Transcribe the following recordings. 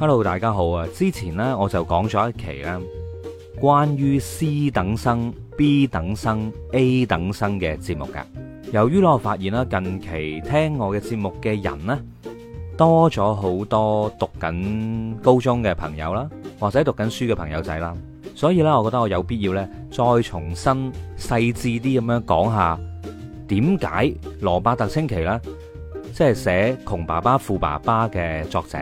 hello，大家好啊！之前咧我就講咗一期啦，關於 C 等生、B 等生、A 等生嘅節目噶。由於咧我發現啦，近期聽我嘅節目嘅人呢，多咗好多讀緊高中嘅朋友啦，或者讀緊書嘅朋友仔啦，所以咧我覺得我有必要咧再重新細致啲咁樣講下點解羅伯特清崎啦，即係寫窮爸爸富爸爸嘅作者。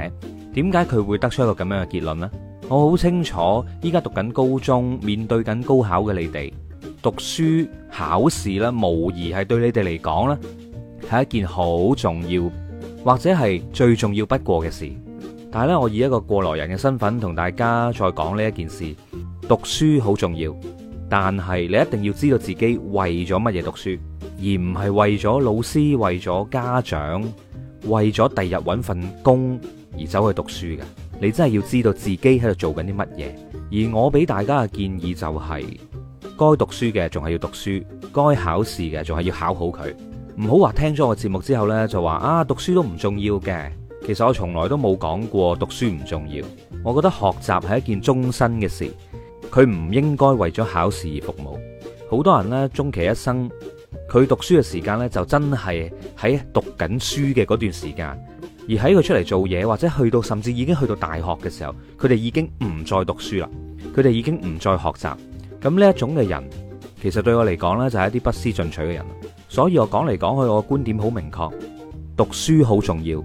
點解佢會得出一個咁樣嘅結論呢？我好清楚，依家讀緊高中，面對緊高考嘅你哋，讀書考試咧，無疑係對你哋嚟講咧係一件好重要或者係最重要不過嘅事。但係咧，我以一個過來人嘅身份同大家再講呢一件事：讀書好重要，但係你一定要知道自己為咗乜嘢讀書，而唔係為咗老師，為咗家長，為咗第日揾份工。而走去讀書嘅，你真係要知道自己喺度做緊啲乜嘢。而我俾大家嘅建議就係，該讀書嘅仲係要讀書，該考試嘅仲係要考好佢。唔好話聽咗我節目之後呢，就話啊讀書都唔重要嘅。其實我從來都冇講過讀書唔重要。我覺得學習係一件終身嘅事，佢唔應該為咗考試而服務。好多人呢，終其一生，佢讀書嘅時間呢，就真係喺讀緊書嘅嗰段時間。而喺佢出嚟做嘢，或者去到甚至已經去到大學嘅時候，佢哋已經唔再讀書啦。佢哋已經唔再學習，咁呢一種嘅人，其實對我嚟講咧，就係一啲不思進取嘅人。所以我講嚟講去，我嘅觀點好明確，讀書好重要，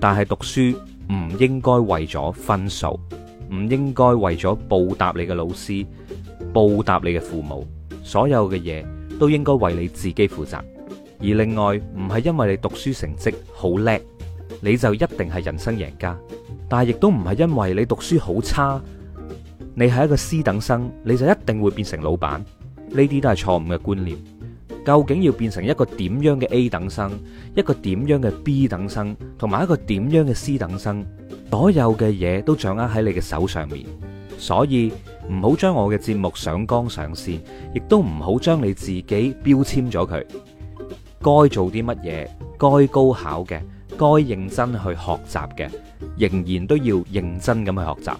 但係讀書唔應該為咗分數，唔應該為咗報答你嘅老師，報答你嘅父母，所有嘅嘢都應該為你自己負責，而另外，唔係因為你讀書成績好叻。你就一定係人生贏家，但係亦都唔係因為你讀書好差，你係一個 C 等生，你就一定會變成老闆。呢啲都係錯誤嘅觀念。究竟要變成一個點樣嘅 A 等生，一個點樣嘅 B 等生，同埋一個點樣嘅 C 等生，所有嘅嘢都掌握喺你嘅手上面。所以唔好將我嘅節目上綱上線，亦都唔好將你自己標籤咗佢。該做啲乜嘢？該高考嘅。該認真去學習嘅，仍然都要認真咁去學習。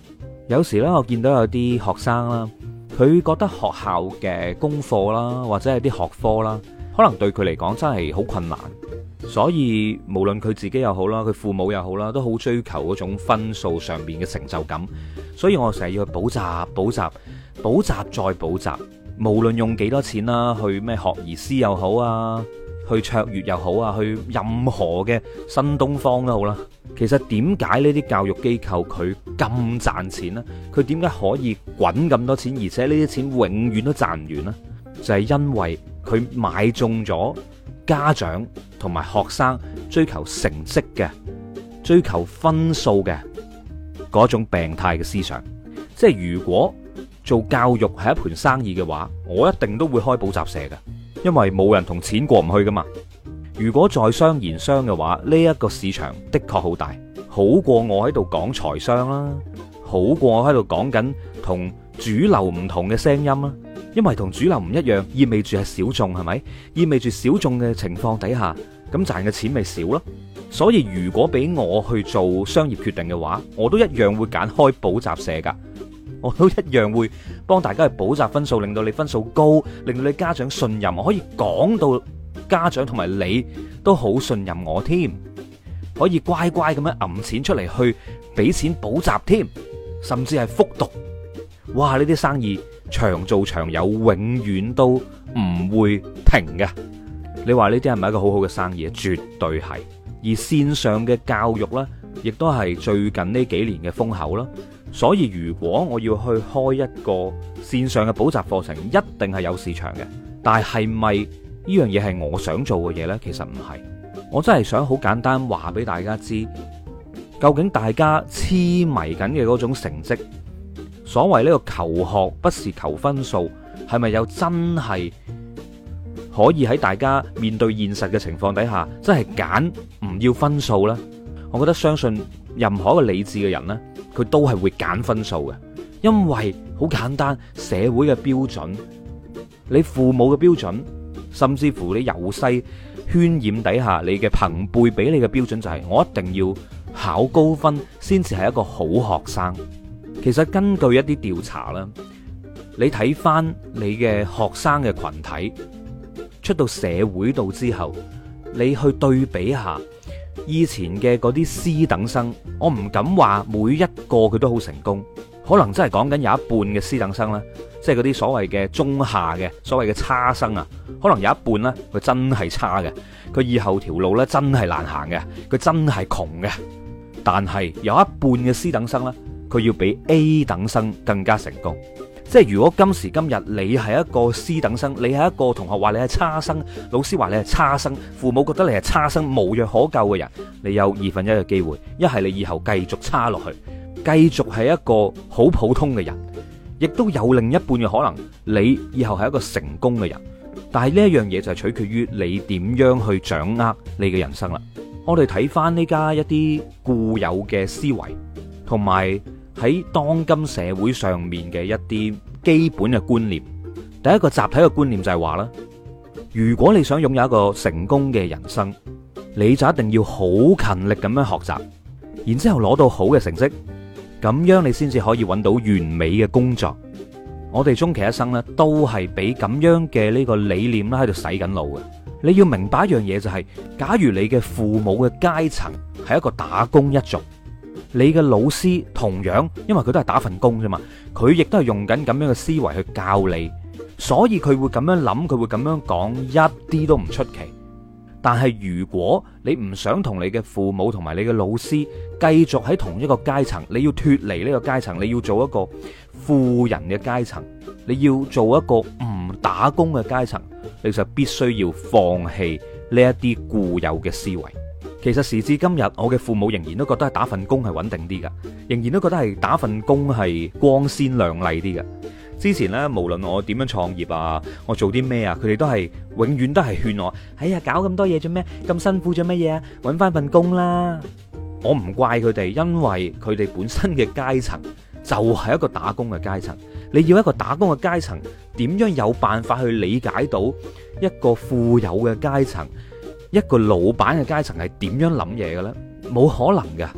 有時咧，我見到有啲學生啦，佢覺得學校嘅功課啦，或者係啲學科啦，可能對佢嚟講真係好困難。所以無論佢自己又好啦，佢父母又好啦，都好追求嗰種分數上面嘅成就感。所以我成日要去補習，補習，補習再補習。無論用幾多錢啦，去咩學而思又好啊。去卓越又好啊，去任何嘅新東方都好啦。其實點解呢啲教育機構佢咁賺錢呢？佢點解可以滾咁多錢，而且呢啲錢永遠都賺唔完呢？就係因為佢買中咗家長同埋學生追求成績嘅、追求分數嘅嗰種病態嘅思想。即係如果做教育係一盤生意嘅話，我一定都會開補習社嘅。因為冇人同錢過唔去噶嘛，如果在商言商嘅話，呢、這、一個市場的確好大，好過我喺度講財商啦、啊，好過我喺度講緊同主流唔同嘅聲音啦、啊，因為同主流唔一樣，意味住係小眾，係咪？意味住小眾嘅情況底下，咁賺嘅錢咪少咯。所以如果俾我去做商業決定嘅話，我都一樣會揀開補習社噶。我都一樣會幫大家去補習分數，令到你分數高，令到你家長信任我，可以講到家長同埋你都好信任我添，可以乖乖咁樣揼錢出嚟去俾錢補習添，甚至係復讀。哇！呢啲生意長做長有，永遠都唔會停嘅。你話呢啲係咪一個好好嘅生意啊？絕對係。而線上嘅教育咧，亦都係最近呢幾年嘅風口啦。所以，如果我要去開一個線上嘅補習課程，一定係有市場嘅。但係，係咪呢樣嘢係我想做嘅嘢咧？其實唔係，我真係想好簡單話俾大家知，究竟大家癡迷緊嘅嗰種成績，所謂呢個求學不是求分數，係咪又真係可以喺大家面對現實嘅情況底下，真係揀唔要分數咧？我覺得相信任何一個理智嘅人咧。佢都係會揀分數嘅，因為好簡單，社會嘅標準，你父母嘅標準，甚至乎你由細渲染底下，你嘅朋輩俾你嘅標準就係，我一定要考高分先至係一個好學生。其實根據一啲調查啦，你睇翻你嘅學生嘅群體出到社會度之後，你去對比下。以前嘅嗰啲 C 等生，我唔敢話每一個佢都好成功，可能真係講緊有一半嘅 C 等生啦，即係嗰啲所謂嘅中下嘅，所謂嘅差生啊，可能有一半呢，佢真係差嘅，佢以後條路呢，真係難行嘅，佢真係窮嘅，但係有一半嘅 C 等生呢，佢要比 A 等生更加成功。即係如果今時今日你係一個 C 等生，你係一個同學話你係差生，老師話你係差生，父母覺得你係差生無藥可救嘅人，你有二分一嘅機會，一係你以後繼續差落去，繼續係一個好普通嘅人，亦都有另一半嘅可能，你以後係一個成功嘅人。但係呢一樣嘢就係取決於你點樣去掌握你嘅人生啦。我哋睇翻呢家一啲固有嘅思維同埋，喺當今社會上面嘅一啲基本嘅觀念，第一個集體嘅觀念就係話啦，如果你想擁有一個成功嘅人生，你就一定要好勤力咁樣學習，然之後攞到好嘅成績，咁樣你先至可以揾到完美嘅工作。我哋終其一生咧，都係俾咁樣嘅呢個理念啦，喺度洗緊腦嘅。你要明白一樣嘢就係、是，假如你嘅父母嘅階層係一個打工一族。你嘅老師同樣，因為佢都係打份工啫嘛，佢亦都係用緊咁樣嘅思維去教你，所以佢會咁樣諗，佢會咁樣講，一啲都唔出奇。但係如果你唔想同你嘅父母同埋你嘅老師繼續喺同一個階層，你要脫離呢個階層，你要做一個富人嘅階層，你要做一個唔打工嘅階層，你就必須要放棄呢一啲固有嘅思維。其實時至今日，我嘅父母仍然都覺得係打份工係穩定啲噶，仍然都覺得係打份工係光鮮亮麗啲噶。之前呢，無論我點樣創業啊，我做啲咩啊，佢哋都係永遠都係勸我：哎呀，搞咁多嘢做咩？咁辛苦做乜嘢啊？搵翻份工啦！我唔怪佢哋，因為佢哋本身嘅階層就係一個打工嘅階層。你要一個打工嘅階層，點樣有辦法去理解到一個富有嘅階層？一個老闆嘅階層係點樣諗嘢嘅咧？冇可能㗎，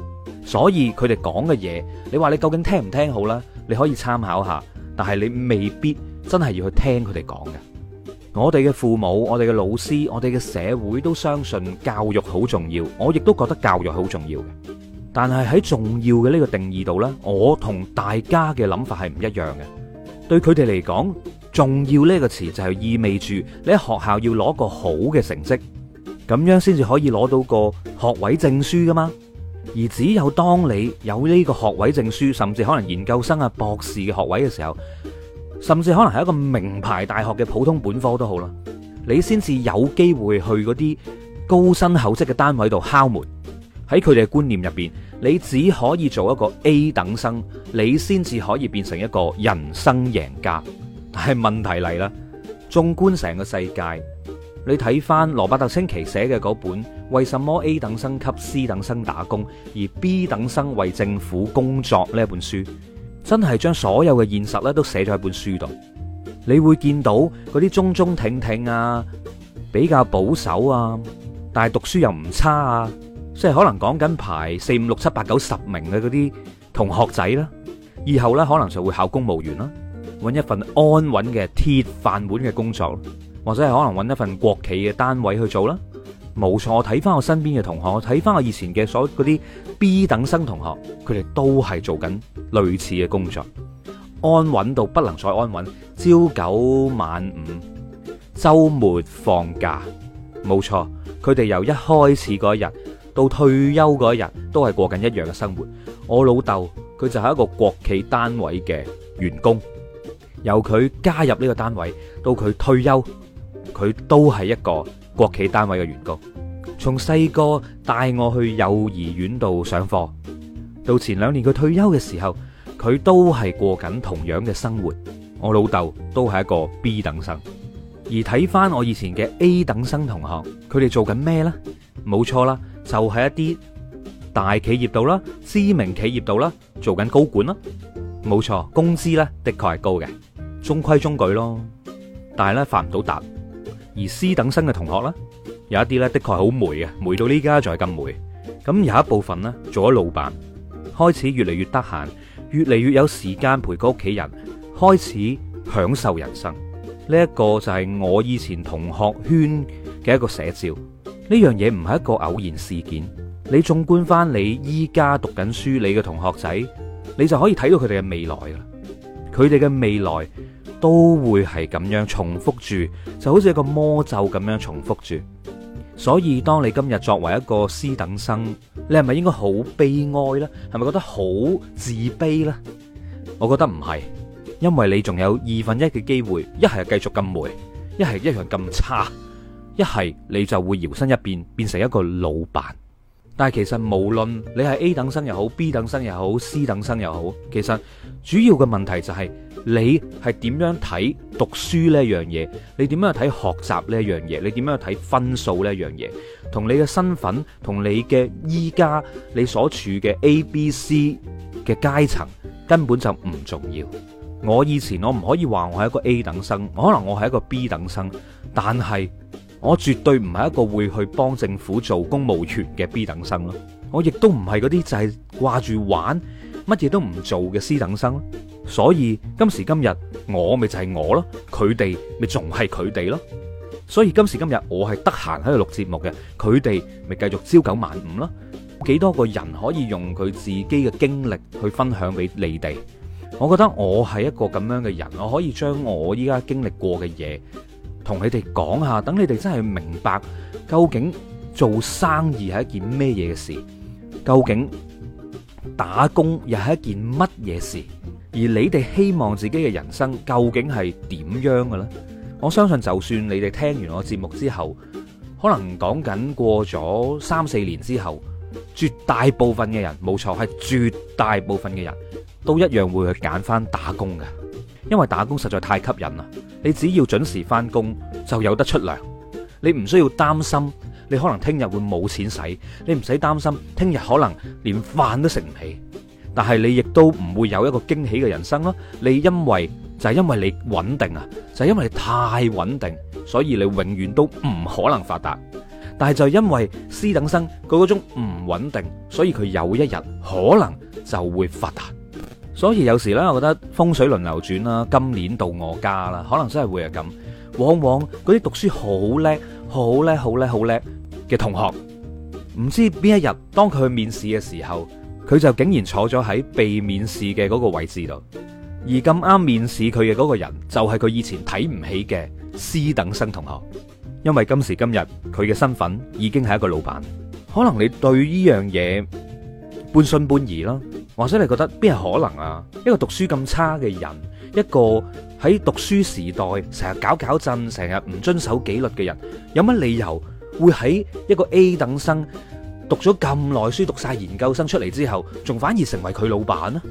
所以佢哋講嘅嘢，你話你究竟聽唔聽好啦？你可以參考下，但係你未必真係要去聽佢哋講嘅。我哋嘅父母、我哋嘅老師、我哋嘅社會都相信教育好重要，我亦都覺得教育好重要。但係喺重要嘅呢個定義度呢，我同大家嘅諗法係唔一樣嘅。對佢哋嚟講，重要呢個詞就係意味住你喺學校要攞個好嘅成績。咁樣先至可以攞到個學位證書噶嘛？而只有當你有呢個學位證書，甚至可能研究生啊、博士嘅學位嘅時候，甚至可能係一個名牌大學嘅普通本科都好啦，你先至有機會去嗰啲高薪厚職嘅單位度敲門。喺佢哋嘅觀念入邊，你只可以做一個 A 等生，你先至可以變成一個人生贏家。但係問題嚟啦，縱觀成個世界。你睇翻羅伯特清崎寫嘅嗰本《為什麼 A 等生給 C 等生打工，而 B 等生為政府工作》呢本書，真係將所有嘅現實咧都寫咗喺本書度。你會見到嗰啲中中挺挺啊，比較保守啊，但係讀書又唔差啊，即係可能講緊排四五六七八九十名嘅嗰啲同學仔啦，以後呢可能就會考公務員啦，揾一份安穩嘅鐵飯碗嘅工作。或者係可能揾一份國企嘅單位去做啦，冇錯。我睇翻我身邊嘅同學，我睇翻我以前嘅所嗰啲 B 等生同學，佢哋都係做緊類似嘅工作，安穩到不能再安穩，朝九晚五，週末放假。冇錯，佢哋由一開始嗰一日到退休嗰一日，都係過緊一樣嘅生活。我老豆佢就係一個國企單位嘅員工，由佢加入呢個單位到佢退休。佢都係一個國企單位嘅員工，從細個帶我去幼兒園度上課，到前兩年佢退休嘅時候，佢都係過緊同樣嘅生活。我老豆都係一個 B 等生，而睇翻我以前嘅 A 等生同學，佢哋做緊咩呢？冇錯啦，就係一啲大企業度啦，知名企業度啦，做緊高管啦。冇錯，工資呢，的確係高嘅，中規中矩咯，但係呢，發唔到達。而私等生嘅同學啦，有一啲呢，的確好霉嘅，霉到呢家仲係咁霉。咁有一部分呢，做咗老闆，開始越嚟越得閒，越嚟越有時間陪個屋企人，開始享受人生。呢一個就係我以前同學圈嘅一個寫照。呢樣嘢唔係一個偶然事件。你縱觀翻你依家讀緊書你嘅同學仔，你就可以睇到佢哋嘅未來啦。佢哋嘅未來。都會係咁樣重複住，就好似一個魔咒咁樣重複住。所以，當你今日作為一個 C 等生，你係咪應該好悲哀呢？係咪覺得好自卑呢？我覺得唔係，因為你仲有二分一嘅機會，一係繼續咁霉，一係一樣咁差，一係你就會搖身一變變成一個老闆。但係其實無論你係 A 等生又好，B 等生又好，C 等生又好，其實主要嘅問題就係、是。你係點樣睇讀書呢樣嘢？你點樣去睇學習呢樣嘢？你點樣去睇分數呢樣嘢？同你嘅身份、同你嘅依家你所處嘅 A、B、C 嘅階層根本就唔重要。我以前我唔可以話我係一個 A 等生，可能我係一個 B 等生，但係我絕對唔係一個會去幫政府做公務員嘅 B 等生咯。我亦都唔係嗰啲就係掛住玩。乜嘢都唔做嘅私等生，所以今時今日我咪就係我咯，佢哋咪仲係佢哋咯。所以今時今日我係得閒喺度錄節目嘅，佢哋咪繼續朝九晚五咯。幾多個人可以用佢自己嘅經歷去分享俾你哋？我覺得我係一個咁樣嘅人，我可以將我依家經歷過嘅嘢同你哋講下，等你哋真係明白究竟做生意係一件咩嘢嘅事，究竟。打工又係一件乜嘢事？而你哋希望自己嘅人生究竟係點樣嘅咧？我相信就算你哋聽完我節目之後，可能講緊過咗三四年之後，絕大部分嘅人，冇錯，係絕大部分嘅人都一樣會去揀翻打工嘅，因為打工實在太吸引啦！你只要準時翻工就有得出糧，你唔需要擔心。你可能聽日會冇錢使，你唔使擔心聽日可能連飯都食唔起，但係你亦都唔會有一個驚喜嘅人生咯。你因為就係因為你穩定啊，就係因為你太穩定，所以你永遠都唔可能發達。但係就係因為 C 等生佢嗰種唔穩定，所以佢有一日可能就會發達。所以有時呢，我覺得風水輪流轉啦，今年到我家啦，可能真係會係咁。往往嗰啲讀書好叻、好叻、好叻、好叻。嘅同學唔知邊一日，當佢去面試嘅時候，佢就竟然坐咗喺被面試嘅嗰個位置度。而咁啱面試佢嘅嗰個人，就係佢以前睇唔起嘅私等生同學。因為今時今日佢嘅身份已經係一個老闆，可能你對呢樣嘢半信半疑啦，或者你覺得邊係可能啊？一個讀書咁差嘅人，一個喺讀書時代成日搞搞震，成日唔遵守紀律嘅人，有乜理由？會喺一個 A 等生讀咗咁耐書，讀晒研究生出嚟之後，仲反而成為佢老闆呢？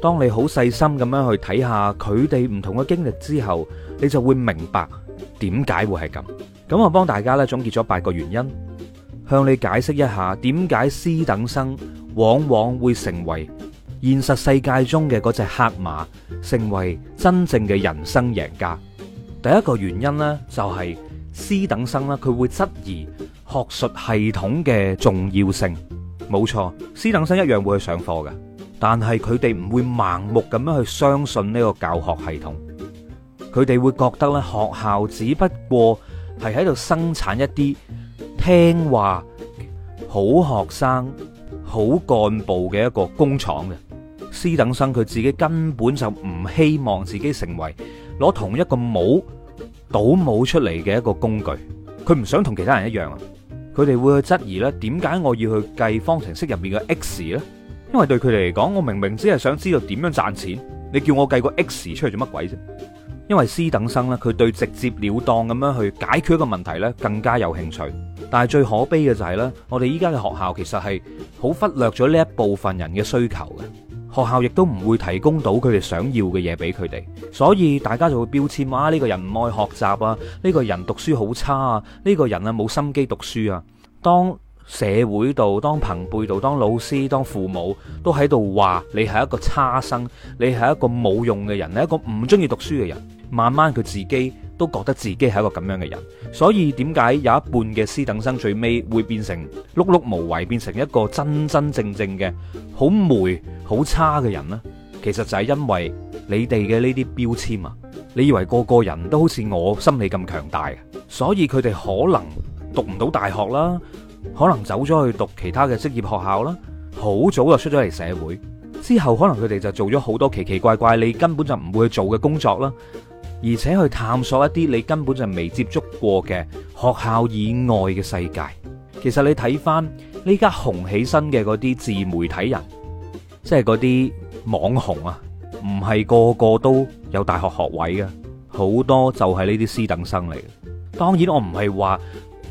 當你好細心咁樣去睇下佢哋唔同嘅經歷之後，你就會明白點解會係咁。咁我幫大家咧總結咗八個原因，向你解釋一下點解 C 等生往往會成為現實世界中嘅嗰隻黑馬，成為真正嘅人生贏家。第一個原因呢，就是，就係。私等生啦，佢會質疑學術系統嘅重要性。冇錯，私等生一樣會去上課嘅，但係佢哋唔會盲目咁樣去相信呢個教學系統。佢哋會覺得咧，學校只不過係喺度生產一啲聽話、好學生、好幹部嘅一個工廠嘅。私等生佢自己根本就唔希望自己成為攞同一個帽。倒模出嚟嘅一個工具，佢唔想同其他人一樣啊！佢哋會去質疑咧，點解我要去計方程式入面嘅 x 呢？因為對佢哋嚟講，我明明只係想知道點樣賺錢，你叫我計個 x 出嚟做乜鬼啫？因為 C 等生咧，佢對直接了當咁樣去解決一個問題咧，更加有興趣。但係最可悲嘅就係咧，我哋依家嘅學校其實係好忽略咗呢一部分人嘅需求嘅。學校亦都唔會提供到佢哋想要嘅嘢俾佢哋，所以大家就會標籤啊，呢個人唔愛學習啊，呢個人讀書好差啊，呢個人啊冇心機讀書啊。當社會度、當朋輩度、當老師、當父母都喺度話你係一個差生，你係一個冇用嘅人，你係一個唔中意讀書嘅人，慢慢佢自己都覺得自己係一個咁樣嘅人，所以點解有一半嘅師等生最尾會變成碌碌無為，變成一個真真正正嘅好霉、好差嘅人呢？其實就係因為你哋嘅呢啲標籤啊，你以為個個人都好似我心理咁強大啊，所以佢哋可能讀唔到大學啦，可能走咗去讀其他嘅職業學校啦，好早就出咗嚟社會，之後可能佢哋就做咗好多奇奇怪怪，你根本就唔會去做嘅工作啦。而且去探索一啲你根本就未接觸過嘅學校以外嘅世界。其實你睇翻呢家紅起身嘅嗰啲自媒體人,即係嗰啲網紅啊，唔係個個都有大學學位嘅，好多就係呢啲私等生嚟嘅。當然我唔係話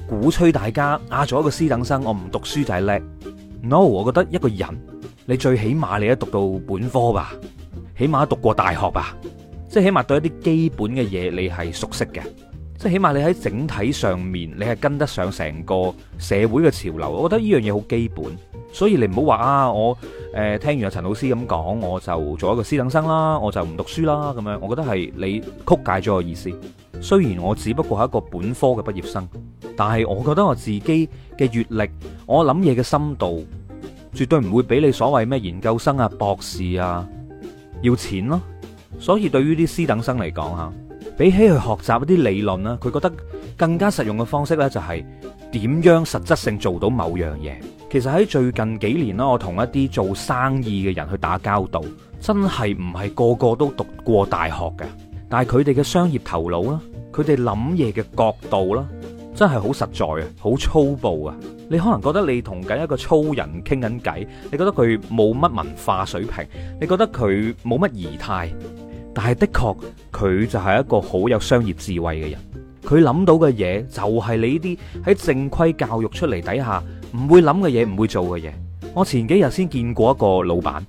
鼓吹大家啊，做一個私等生，我唔讀書就係叻。No，我覺得一個人你最起碼你都讀到本科吧，起碼讀過大學吧。即係起碼對一啲基本嘅嘢，你係熟悉嘅。即係起碼你喺整體上面，你係跟得上成個社會嘅潮流。我覺得呢樣嘢好基本。所以你唔好話啊，我誒、呃、聽完阿陳老師咁講，我就做一個私等生啦，我就唔讀書啦咁樣。我覺得係你曲解咗我意思。雖然我只不過係一個本科嘅畢業生，但係我覺得我自己嘅閱歷，我諗嘢嘅深度，絕對唔會比你所謂咩研究生啊、博士啊要錢咯、啊。所以對於啲私等生嚟講吓，比起去學習一啲理論啦，佢覺得更加實用嘅方式呢就係點樣實質性做到某樣嘢。其實喺最近幾年啦，我同一啲做生意嘅人去打交道，真係唔係個個都讀過大學嘅，但係佢哋嘅商業頭腦啦，佢哋諗嘢嘅角度啦，真係好實在啊，好粗暴啊。你可能覺得你同緊一個粗人傾緊偈，你覺得佢冇乜文化水平，你覺得佢冇乜儀態。但係的確，佢就係一個好有商業智慧嘅人，佢諗到嘅嘢就係你啲喺正規教育出嚟底下唔會諗嘅嘢，唔會做嘅嘢。我前幾日先見過一個老闆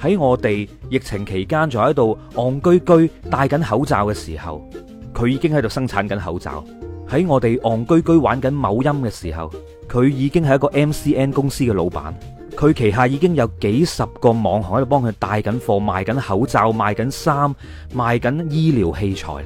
喺我哋疫情期間仲喺度戇居居戴緊口罩嘅時候，佢已經喺度生產緊口罩；喺我哋戇居居玩緊某音嘅時候，佢已經係一個 MCN 公司嘅老闆。佢旗下已經有幾十個網紅喺度幫佢帶緊貨，賣緊口罩，賣緊衫，賣緊醫療器材啦。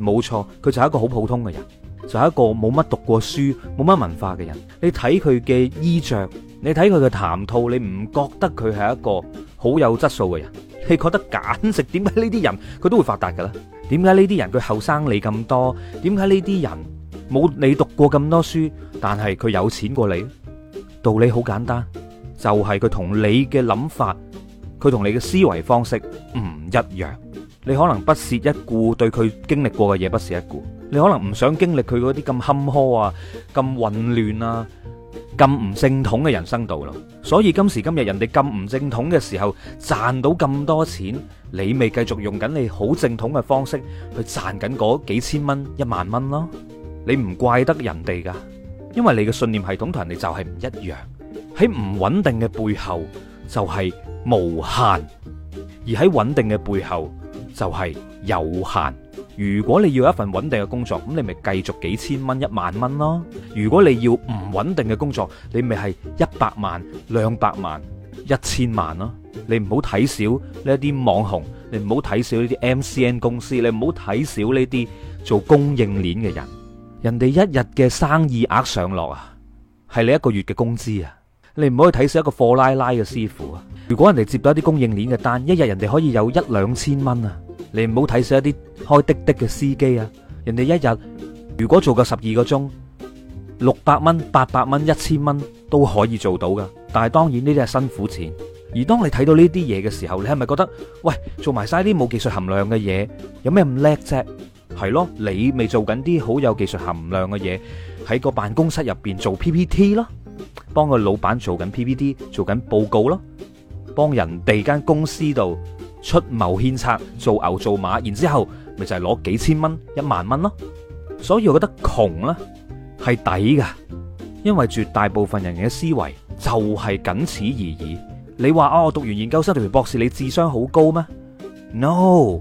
冇錯，佢就係一個好普通嘅人，就係一個冇乜讀過書、冇乜文化嘅人。你睇佢嘅衣着，你睇佢嘅談吐，你唔覺得佢係一個好有質素嘅人？你覺得簡直點解呢啲人佢都會發達㗎咧？點解呢啲人佢後生你咁多？點解呢啲人冇你讀過咁多書，但係佢有錢過你？道理好簡單。就係佢同你嘅諗法，佢同你嘅思維方式唔一樣。你可能不屑一顧，對佢經歷過嘅嘢不屑一顧。你可能唔想經歷佢嗰啲咁坎坷啊、咁混亂啊、咁唔正統嘅人生道路。所以今時今日人哋咁唔正統嘅時候賺到咁多錢，你咪繼續用緊你好正統嘅方式去賺緊嗰幾千蚊、一萬蚊咯？你唔怪得人哋噶，因為你嘅信念系統同人哋就係唔一樣。喺唔穩定嘅背後就係無限，而喺穩定嘅背後就係有限。如果你要一份穩定嘅工作，咁你咪繼續幾千蚊、一萬蚊咯。如果你要唔穩定嘅工作，你咪係一百萬、兩百萬、一千萬咯。你唔好睇少呢啲網紅，你唔好睇少呢啲 MCN 公司，你唔好睇少呢啲做供應鏈嘅人。人哋一日嘅生意額上落啊，係你一個月嘅工資啊！你唔好去睇死一個貨拉拉嘅師傅啊！如果人哋接到一啲供應鏈嘅單，一日人哋可以有一兩千蚊啊！你唔好睇死一啲開滴滴嘅司機啊！人哋一日如果做夠十二個鐘，六百蚊、八百蚊、一千蚊都可以做到噶。但係當然呢啲係辛苦錢。而當你睇到呢啲嘢嘅時候，你係咪覺得喂，做埋晒啲冇技術含量嘅嘢，有咩咁叻啫？係咯，你未做緊啲好有技術含量嘅嘢，喺個辦公室入邊做 PPT 咯。幫個老闆做緊 PPT，做緊報告咯，幫人哋間公司度出謀獻策，做牛做馬，然之後咪就係攞幾千蚊、一萬蚊咯。所以我覺得窮啦，係抵噶，因為絕大部分人嘅思維就係僅此而已。你話哦，我讀完研究生，讀完博士，你智商好高咩？No，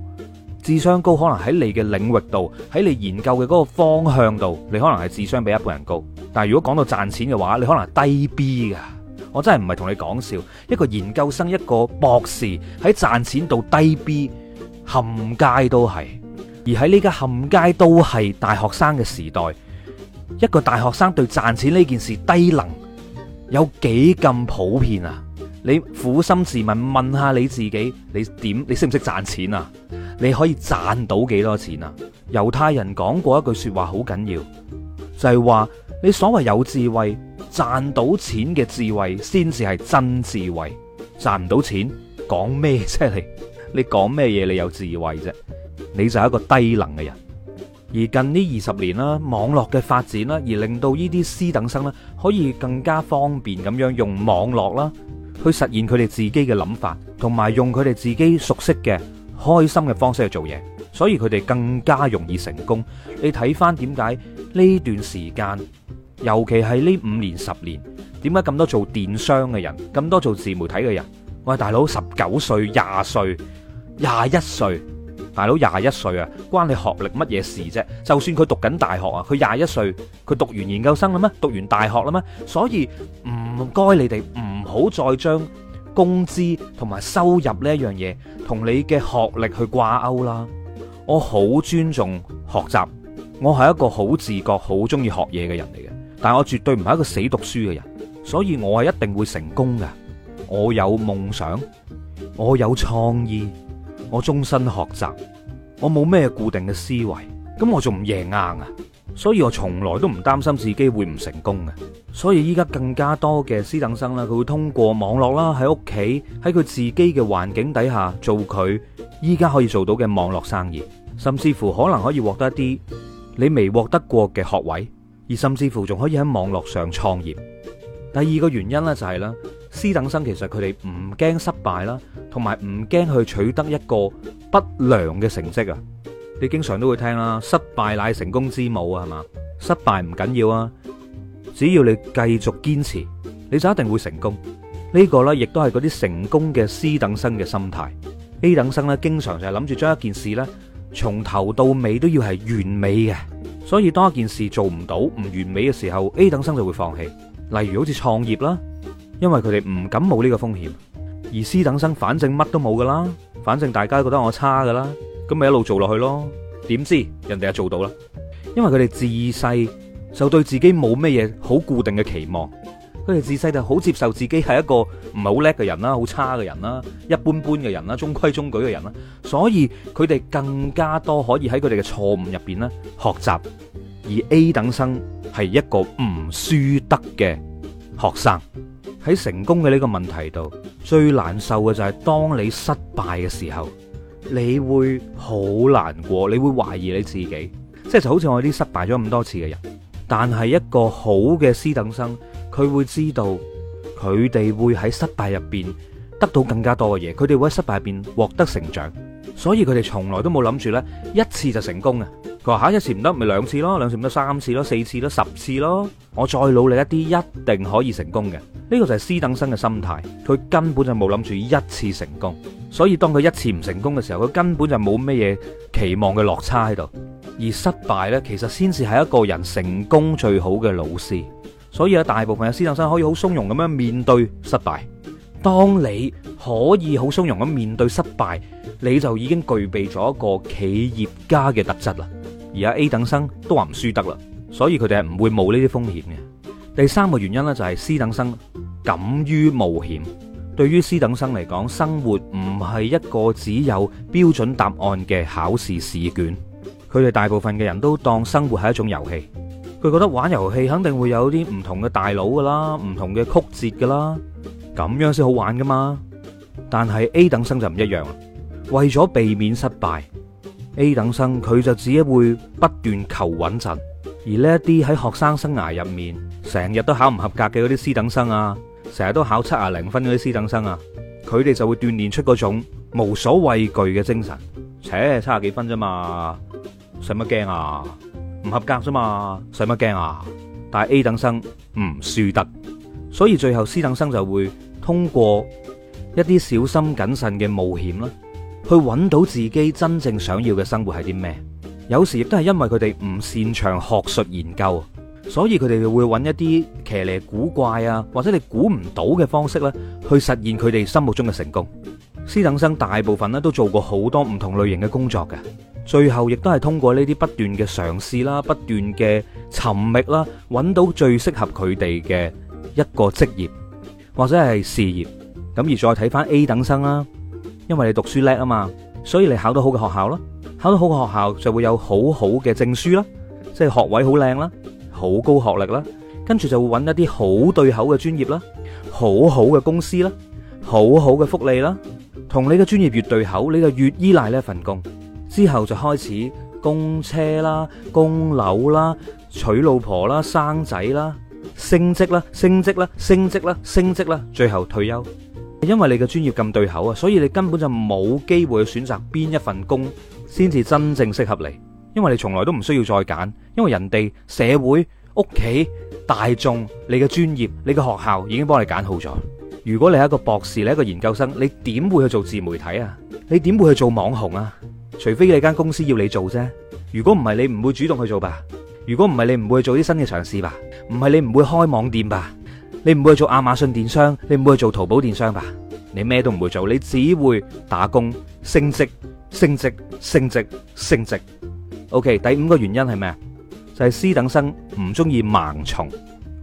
智商高可能喺你嘅領域度，喺你研究嘅嗰個方向度，你可能係智商比一般人高。但係如果講到賺錢嘅話，你可能低 B 噶，我真係唔係同你講笑。一個研究生，一個博士喺賺錢度低 B，冚街都係。而喺呢家冚街都係大學生嘅時代，一個大學生對賺錢呢件事低能，有幾咁普遍啊？你苦心自問，問下你自己，你點？你識唔識賺錢啊？你可以賺到幾多錢啊？猶太人講過一句說話好緊要，就係話。你所謂有智慧賺到錢嘅智慧，先至係真智慧。賺唔到錢，講咩啫？你你講咩嘢？你有智慧啫？你就係一個低能嘅人。而近呢二十年啦，網絡嘅發展啦，而令到呢啲私等生啦，可以更加方便咁樣用網絡啦，去實現佢哋自己嘅諗法，同埋用佢哋自己熟悉嘅開心嘅方式去做嘢，所以佢哋更加容易成功。你睇翻點解呢段時間？尤其係呢五年十年，點解咁多做電商嘅人，咁多做自媒體嘅人？喂，大佬十九歲、廿歲、廿一歲，大佬廿一歲啊，關你學歷乜嘢事啫？就算佢讀緊大學啊，佢廿一歲，佢讀完研究生啦咩？讀完大學啦咩？所以唔該，你哋唔好再將工資同埋收入呢一樣嘢同你嘅學歷去掛鈎啦。我好尊重學習，我係一個好自覺、好中意學嘢嘅人嚟嘅。但我絕對唔係一個死讀書嘅人，所以我係一定會成功嘅。我有夢想，我有創意，我終身學習，我冇咩固定嘅思維，咁我仲唔贏硬啊？所以我從來都唔擔心自己會唔成功嘅。所以依家更加多嘅私等生啦，佢會通過網絡啦，喺屋企喺佢自己嘅環境底下做佢依家可以做到嘅網絡生意，甚至乎可能可以獲得一啲你未獲得過嘅學位。而甚至乎仲可以喺網絡上創業。第二個原因咧就係、是、啦，C 等生其實佢哋唔驚失敗啦，同埋唔驚去取得一個不良嘅成績啊！你經常都會聽啦，失敗乃成功之母啊，係嘛？失敗唔緊要啊，只要你繼續堅持，你就一定會成功。呢、這個咧亦都係嗰啲成功嘅 C 等生嘅心態。A 等生咧經常就係諗住將一件事咧從頭到尾都要係完美嘅。所以當一件事做唔到唔完美嘅時候，A 等生就會放棄，例如好似創業啦，因為佢哋唔敢冇呢個風險；而 C 等生反正乜都冇㗎啦，反正大家都覺得我差㗎啦，咁咪一路做落去咯。點知人哋又做到啦，因為佢哋自細就對自己冇咩嘢好固定嘅期望。佢哋自細就好接受自己係一個唔係好叻嘅人啦，好差嘅人啦，一般般嘅人啦，中規中矩嘅人啦。所以佢哋更加多可以喺佢哋嘅錯誤入邊咧學習。而 A 等生係一個唔輸得嘅學生。喺成功嘅呢個問題度最難受嘅就係當你失敗嘅時候，你會好難過，你會懷疑你自己，即係就好似我啲失敗咗咁多次嘅人。但係一個好嘅 C 等生。佢會知道，佢哋會喺失敗入邊得到更加多嘅嘢，佢哋會喺失敗入邊獲得成長，所以佢哋從來都冇諗住呢一次就成功嘅。佢話下一次唔得，咪兩次咯，兩次唔得，三次咯，四次咯，十次咯，我再努力一啲，一定可以成功嘅。呢個就係私等生嘅心態，佢根本就冇諗住一次成功，所以當佢一次唔成功嘅時候，佢根本就冇咩嘢期望嘅落差喺度，而失敗呢，其實先至係一個人成功最好嘅老師。所以啊，大部分嘅 C 等生可以好松容咁樣面對失敗。當你可以好松容咁面對失敗，你就已經具備咗一個企業家嘅特質啦。而家 A 等生都話唔輸得啦，所以佢哋係唔會冒呢啲風險嘅。第三個原因呢，就係 C 等生敢於冒險。對於 C 等生嚟講，生活唔係一個只有標準答案嘅考試試卷。佢哋大部分嘅人都當生活係一種遊戲。佢覺得玩遊戲肯定會有啲唔同嘅大佬噶啦，唔同嘅曲折噶啦，咁樣先好玩噶嘛。但係 A 等生就唔一樣啦，為咗避免失敗，A 等生佢就只會不斷求穩陣。而呢一啲喺學生生涯入面，成日都考唔合格嘅嗰啲 C 等生啊，成日都考七啊零分嗰啲 C 等生啊，佢哋就會鍛煉出嗰種無所畏懼嘅精神。切，七啊幾分咋嘛，使乜驚啊？唔合格咋嘛，使乜驚啊？但係 A 等生唔輸得，所以最後 C 等生就會通過一啲小心謹慎嘅冒險啦，去揾到自己真正想要嘅生活係啲咩？有時亦都係因為佢哋唔擅長學術研究，所以佢哋會揾一啲騎呢古怪啊，或者你估唔到嘅方式咧，去實現佢哋心目中嘅成功。C 等生大部分咧都做過好多唔同類型嘅工作嘅。最後亦都係通過呢啲不斷嘅嘗試啦，不斷嘅尋覓啦，揾到最適合佢哋嘅一個職業或者係事業，咁而再睇翻 A 等生啦，因為你讀書叻啊嘛，所以你考到好嘅學校啦，考到好嘅學校就會有好好嘅證書啦，即係學位好靚啦，好高學歷啦，跟住就會揾一啲好對口嘅專業啦，好好嘅公司啦，好好嘅福利啦，同你嘅專業越對口，你就越依賴呢一份工。之後就開始供車啦、供樓啦、娶老婆啦、生仔啦、升職啦、升職啦、升職啦、升職啦，最後退休。因為你嘅專業咁對口啊，所以你根本就冇機會去選擇邊一份工先至真正適合你。因為你從來都唔需要再揀，因為人哋社會、屋企、大眾、你嘅專業、你嘅學校已經幫你揀好咗。如果你係一個博士，你係一個研究生，你點會去做自媒體啊？你點會去做網紅啊？除非你間公司要你做啫，如果唔係你唔會主動去做吧，如果唔係你唔會做啲新嘅嘗試吧，唔係你唔會開網店吧，你唔會做亞馬遜電商，你唔會做淘寶電商吧，你咩都唔會做，你只會打工，升職，升職，升職，升職。OK，第五個原因係咩啊？就係、是、私等生唔中意盲從。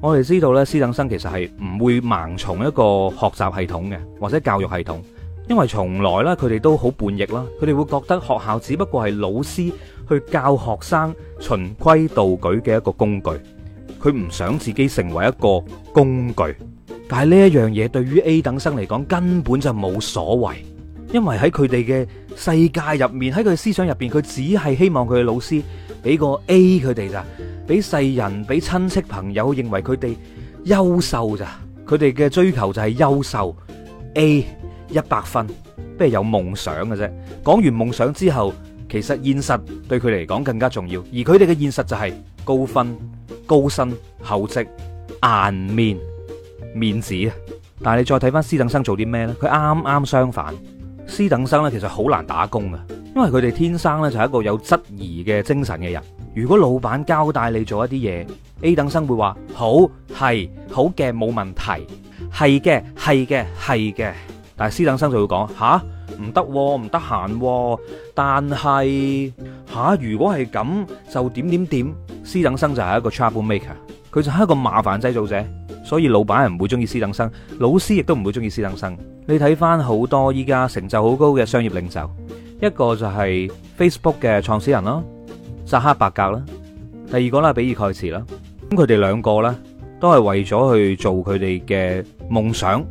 我哋知道呢私等生其實係唔會盲從一個學習系統嘅，或者教育系統。因為從來啦，佢哋都好叛逆啦，佢哋會覺得學校只不過係老師去教學生循規蹈矩嘅一個工具，佢唔想自己成為一個工具。但係呢一樣嘢對於 A 等生嚟講根本就冇所謂，因為喺佢哋嘅世界入面，喺佢嘅思想入邊，佢只係希望佢嘅老師俾個 A 佢哋咋，俾世人、俾親戚朋友認為佢哋優秀咋，佢哋嘅追求就係優秀 A。一百分，不如有夢想嘅啫。講完夢想之後，其實現實對佢嚟講更加重要。而佢哋嘅現實就係高分、高薪、厚職、顏面、面子。但係你再睇翻 C 等生做啲咩呢？佢啱啱相反。C 等生呢，其實好難打工嘅，因為佢哋天生呢就係一個有質疑嘅精神嘅人。如果老闆交代你做一啲嘢，A 等生會話好係好嘅，冇問題，係嘅，係嘅，係嘅。但係私等生就會講吓唔得唔得閒，但係吓如果係咁就點點點。私等生就係一個 trouble maker，佢就係一個麻煩製造者，所以老闆係唔會中意私等生，老師亦都唔會中意私等生。你睇翻好多依家成就好高嘅商業領袖，一個就係 Facebook 嘅創始人啦，扎克伯格啦，第二個啦比爾蓋茨啦，咁佢哋兩個呢都係為咗去做佢哋嘅夢想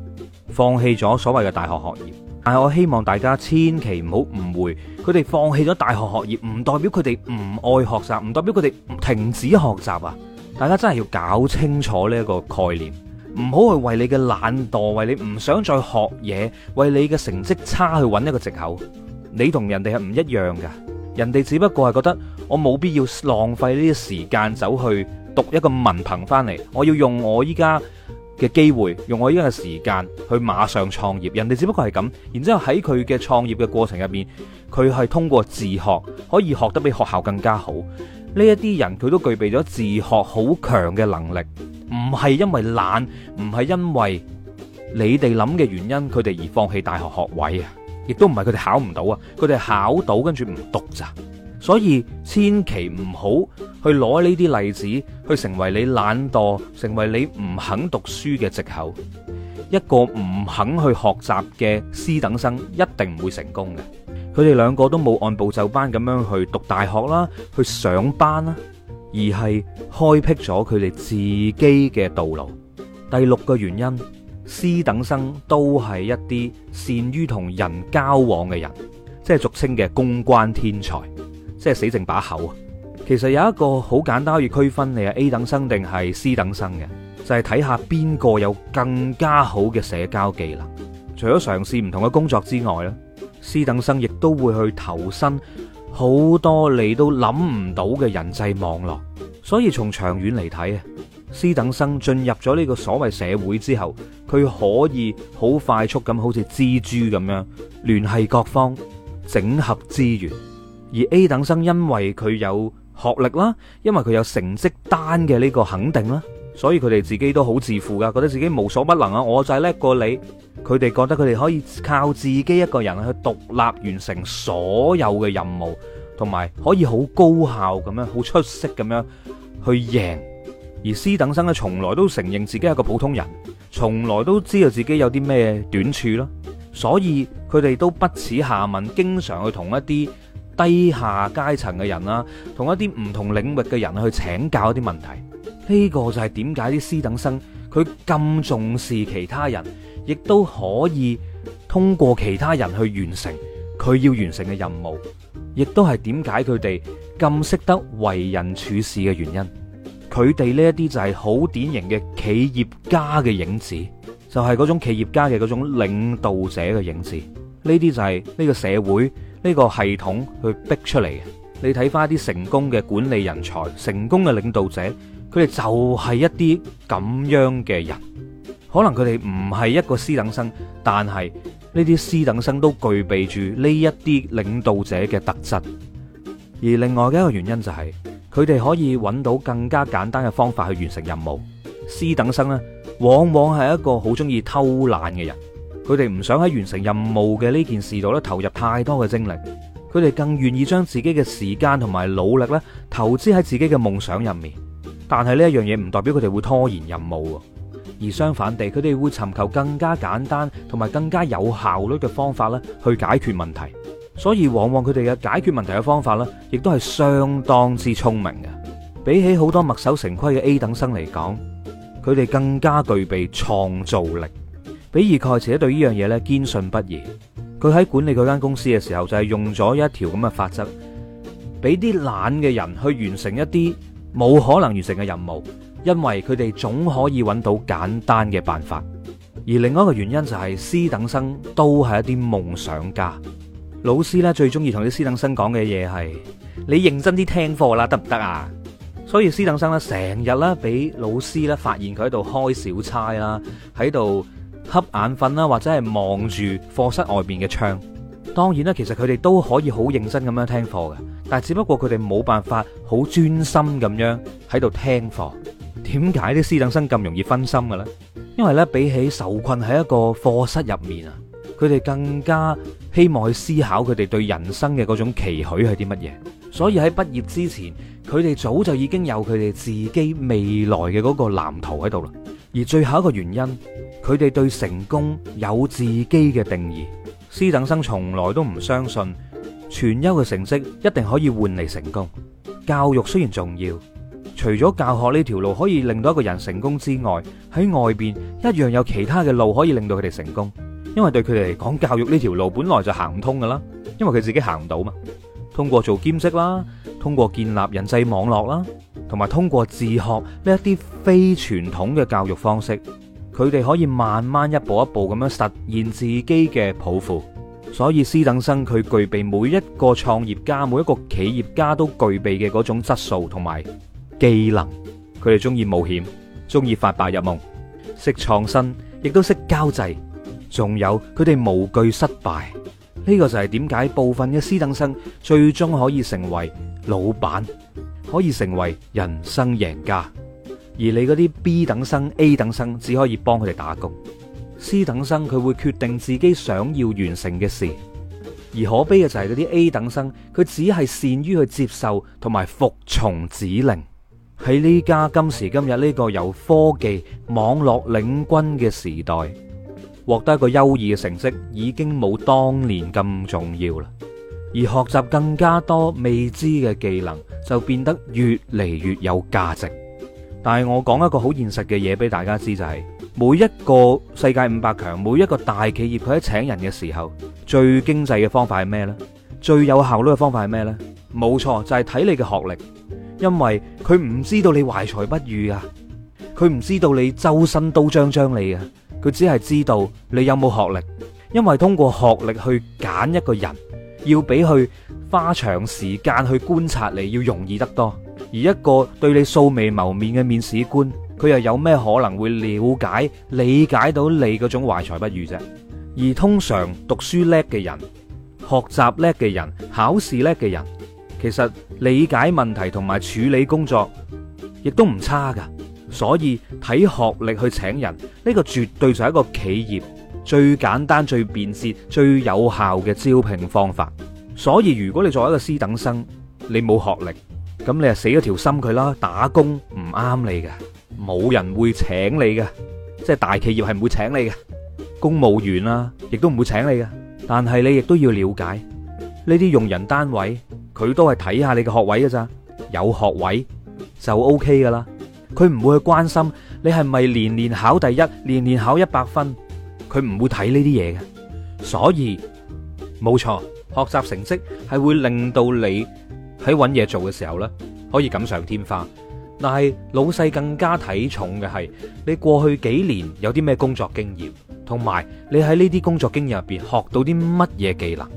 放棄咗所謂嘅大學學業，但係我希望大家千祈唔好誤會，佢哋放棄咗大學學業，唔代表佢哋唔愛學習，唔代表佢哋唔停止學習啊！大家真係要搞清楚呢一個概念，唔好去為你嘅懶惰，為你唔想再學嘢，為你嘅成績差去揾一個藉口。你同人哋係唔一樣噶，人哋只不過係覺得我冇必要浪費呢啲時間走去讀一個文憑翻嚟，我要用我依家。嘅機會，用我依家嘅時間去馬上創業，人哋只不過係咁，然之後喺佢嘅創業嘅過程入面，佢係通過自學可以學得比學校更加好。呢一啲人佢都具備咗自學好強嘅能力，唔係因為懶，唔係因為你哋諗嘅原因佢哋而放棄大學學位啊，亦都唔係佢哋考唔到啊，佢哋考到跟住唔讀咋。所以千祈唔好去攞呢啲例子去成為你懶惰，成為你唔肯讀書嘅借口。一個唔肯去學習嘅私等生一定唔會成功嘅。佢哋兩個都冇按部就班咁樣去讀大學啦，去上班啦，而係開闢咗佢哋自己嘅道路。第六個原因，私等生都係一啲善於同人交往嘅人，即係俗稱嘅公關天才。即係死剩把口啊！其實有一個好簡單可以區分你係 A 等生定係 C 等生嘅，就係睇下邊個有更加好嘅社交技能。除咗嘗試唔同嘅工作之外咧，C 等生亦都會去投身好多你都諗唔到嘅人際網絡。所以從長遠嚟睇啊，C 等生進入咗呢個所謂社會之後，佢可以好快速咁好似蜘蛛咁樣聯繫各方，整合資源。而 A 等生因為佢有學歷啦，因為佢有成績單嘅呢個肯定啦，所以佢哋自己都好自負噶，覺得自己無所不能啊。我就叻過你，佢哋覺得佢哋可以靠自己一個人去獨立完成所有嘅任務，同埋可以好高效咁樣，好出色咁樣去贏。而 C 等生咧，從來都承認自己係個普通人，從來都知道自己有啲咩短處啦，所以佢哋都不恥下問，經常去同一啲低下階層嘅人啦，同一啲唔同領域嘅人去請教一啲問題。呢個就係點解啲私等生佢咁重視其他人，亦都可以通過其他人去完成佢要完成嘅任務，亦都係點解佢哋咁識得為人處事嘅原因。佢哋呢一啲就係好典型嘅企業家嘅影子，就係嗰種企業家嘅嗰種領導者嘅影子。呢啲就係呢個社會。呢個系統去逼出嚟。你睇翻啲成功嘅管理人才、成功嘅領導者，佢哋就係一啲咁樣嘅人。可能佢哋唔係一個私等生，但係呢啲私等生都具備住呢一啲領導者嘅特質。而另外嘅一個原因就係，佢哋可以揾到更加簡單嘅方法去完成任務。私等生呢，往往係一個好中意偷懶嘅人。佢哋唔想喺完成任務嘅呢件事度咧，投入太多嘅精力，佢哋更願意將自己嘅時間同埋努力咧，投資喺自己嘅夢想入面。但係呢一樣嘢，唔代表佢哋會拖延任務，而相反地，佢哋會尋求更加簡單同埋更加有效率嘅方法咧，去解決問題。所以往往佢哋嘅解決問題嘅方法咧，亦都係相當之聰明嘅。比起好多墨守成規嘅 A 等生嚟講，佢哋更加具備創造力。比爾蓋茨咧對呢樣嘢咧堅信不疑。佢喺管理佢間公司嘅時候就係用咗一條咁嘅法則，俾啲懶嘅人去完成一啲冇可能完成嘅任務，因為佢哋總可以揾到簡單嘅辦法。而另外一個原因就係私等生都係一啲夢想家。老師咧最中意同啲私等生講嘅嘢係：你認真啲聽課啦，得唔得啊？所以私等生咧成日咧俾老師咧發現佢喺度開小差啦，喺度。瞌眼瞓啦，或者係望住課室外面嘅窗。當然啦，其實佢哋都可以好認真咁樣聽課嘅，但係只不過佢哋冇辦法好專心咁樣喺度聽課。點解啲私等生咁容易分心嘅咧？因為咧，比起受困喺一個課室入面啊，佢哋更加希望去思考佢哋對人生嘅嗰種期許係啲乜嘢。所以喺畢業之前，佢哋早就已經有佢哋自己未來嘅嗰個藍圖喺度啦。而最後一個原因，佢哋對成功有自己嘅定義。私等生從來都唔相信全優嘅成績一定可以換嚟成功。教育雖然重要，除咗教學呢條路可以令到一個人成功之外，喺外邊一樣有其他嘅路可以令到佢哋成功。因為對佢哋嚟講，教育呢條路本來就行唔通㗎啦，因為佢自己行唔到嘛。通過做兼職啦，通過建立人際網絡啦。同埋通過自學呢一啲非傳統嘅教育方式，佢哋可以慢慢一步一步咁樣實現自己嘅抱負。所以私等生佢具備每一個創業家、每一個企業家都具備嘅嗰種質素同埋技能。佢哋中意冒險，中意發白日夢，識創新，亦都識交際，仲有佢哋無懼失敗。呢個就係點解部分嘅私等生最終可以成為老闆，可以成為人生贏家，而你嗰啲 B 等生、A 等生只可以幫佢哋打工。C 等生佢會決定自己想要完成嘅事，而可悲嘅就係嗰啲 A 等生，佢只係善於去接受同埋服從指令。喺呢家今時今日呢個由科技網絡領軍嘅時代，獲得一個優異嘅成績已經冇當年咁重要啦。而學習更加多未知嘅技能就變得越嚟越有價值。但係我講一個好現實嘅嘢俾大家知就係，每一個世界五百強，每一個大企業佢喺請人嘅時候最經濟嘅方法係咩呢？最有效率嘅方法係咩呢？冇錯，就係睇你嘅學歷，因為佢唔知道你懷才不遇啊，佢唔知道你周身刀張張利啊，佢只係知道你有冇學歷，因為通過學歷去揀一個人。要俾佢花長時間去觀察你，要容易得多。而一個對你素未謀面嘅面試官，佢又有咩可能會了解、理解到你嗰種懷才不遇啫？而通常讀書叻嘅人、學習叻嘅人、考試叻嘅人，其實理解問題同埋處理工作亦都唔差㗎。所以睇學歷去請人，呢個絕對就係一個企業。最簡單、最便捷、最有效嘅招聘方法。所以，如果你作為一個私等生，你冇學歷，咁你啊死咗條心佢啦。打工唔啱你嘅，冇人會請你嘅，即係大企業係唔會請你嘅，公務員啦，亦都唔會請你嘅。但係你亦都要了解呢啲用人單位，佢都係睇下你嘅學位㗎咋，有學位就 OK 噶啦。佢唔會去關心你係咪年年考第一，年年考一百分。佢唔會睇呢啲嘢嘅，所以冇錯，學習成績係會令到你喺揾嘢做嘅時候呢可以錦上添花。但係老細更加睇重嘅係你過去幾年有啲咩工作經驗，同埋你喺呢啲工作經驗入邊學到啲乜嘢技能。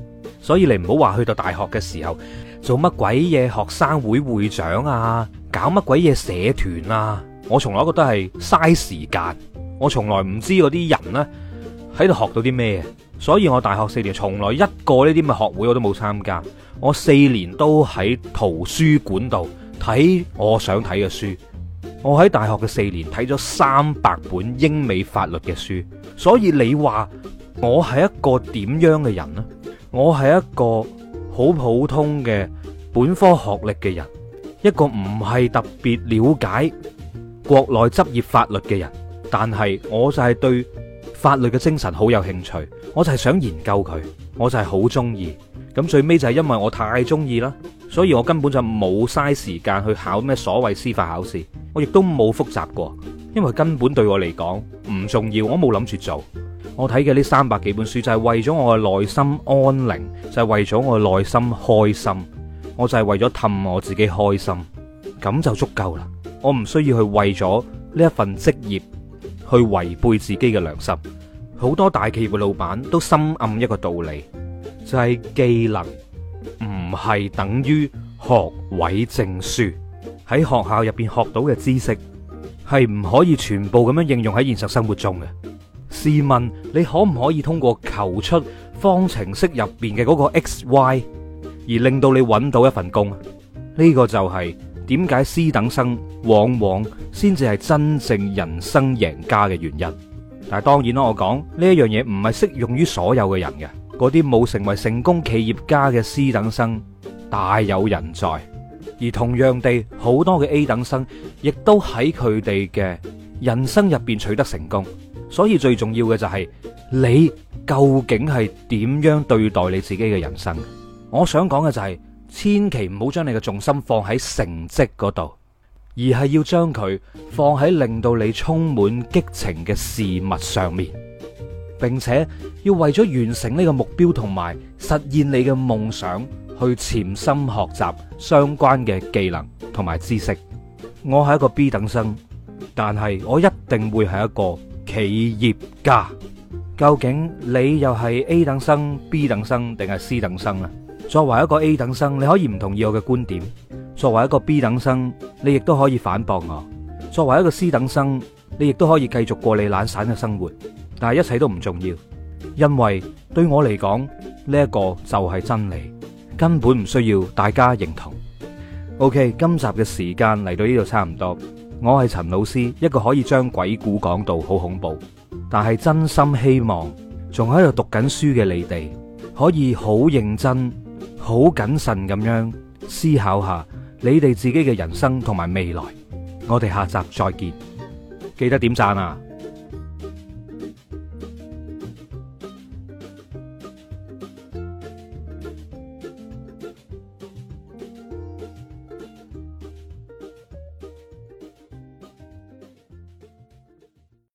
所以你唔好話去到大學嘅時候做乜鬼嘢學生會會長啊，搞乜鬼嘢社團啊。我從來覺得係嘥時間。我從來唔知嗰啲人呢。喺度學到啲咩？所以我大學四年從來一個呢啲咁嘅學會我都冇參加，我四年都喺圖書館度睇我想睇嘅書。我喺大學嘅四年睇咗三百本英美法律嘅書。所以你話我係一個點樣嘅人呢？我係一個好普通嘅本科學歷嘅人，一個唔係特別了解國內執業法律嘅人，但係我就係對。法律嘅精神好有興趣，我就係想研究佢，我就係好中意。咁最尾就係因為我太中意啦，所以我根本就冇嘥時間去考咩所謂司法考試，我亦都冇複習過，因為根本對我嚟講唔重要，我冇諗住做。我睇嘅呢三百幾本書就係為咗我嘅內心安寧，就係為咗我嘅內心開心，我就係為咗氹我自己開心，咁就足夠啦。我唔需要去為咗呢一份職業，去違背自己嘅良心，好多大企業嘅老闆都深諳一個道理，就係技能唔係等於學位證書。喺學校入邊學到嘅知識係唔可以全部咁樣應用喺現實生活中嘅。試問你可唔可以通過求出方程式入邊嘅嗰個 x、y，而令到你揾到一份工？呢個就係。點解 C 等生往往先至係真正人生贏家嘅原因？但係當然啦，我講呢一樣嘢唔係適用於所有嘅人嘅。嗰啲冇成為成功企業家嘅 C 等生大有人在，而同樣地，好多嘅 A 等生亦都喺佢哋嘅人生入邊取得成功。所以最重要嘅就係你究竟係點樣對待你自己嘅人生？我想講嘅就係、是。千祈唔好將你嘅重心放喺成績嗰度，而係要將佢放喺令到你充滿激情嘅事物上面，並且要為咗完成呢個目標同埋實現你嘅夢想，去潛心學習相關嘅技能同埋知識。我係一個 B 等生，但係我一定會係一個企業家。究竟你又係 A 等生、B 等生定係 C 等生呢？作為一個 A 等生，你可以唔同意我嘅觀點；作為一個 B 等生，你亦都可以反駁我；作為一個 C 等生，你亦都可以繼續過你懶散嘅生活。但係一切都唔重要，因為對我嚟講，呢一個就係真理，根本唔需要大家認同。OK，今集嘅時間嚟到呢度差唔多。我係陳老師，一個可以將鬼故講到好恐怖，但係真心希望仲喺度讀緊書嘅你哋可以好認真。好謹慎咁樣思考下，你哋自己嘅人生同埋未來，我哋下集再見，記得點讚呀！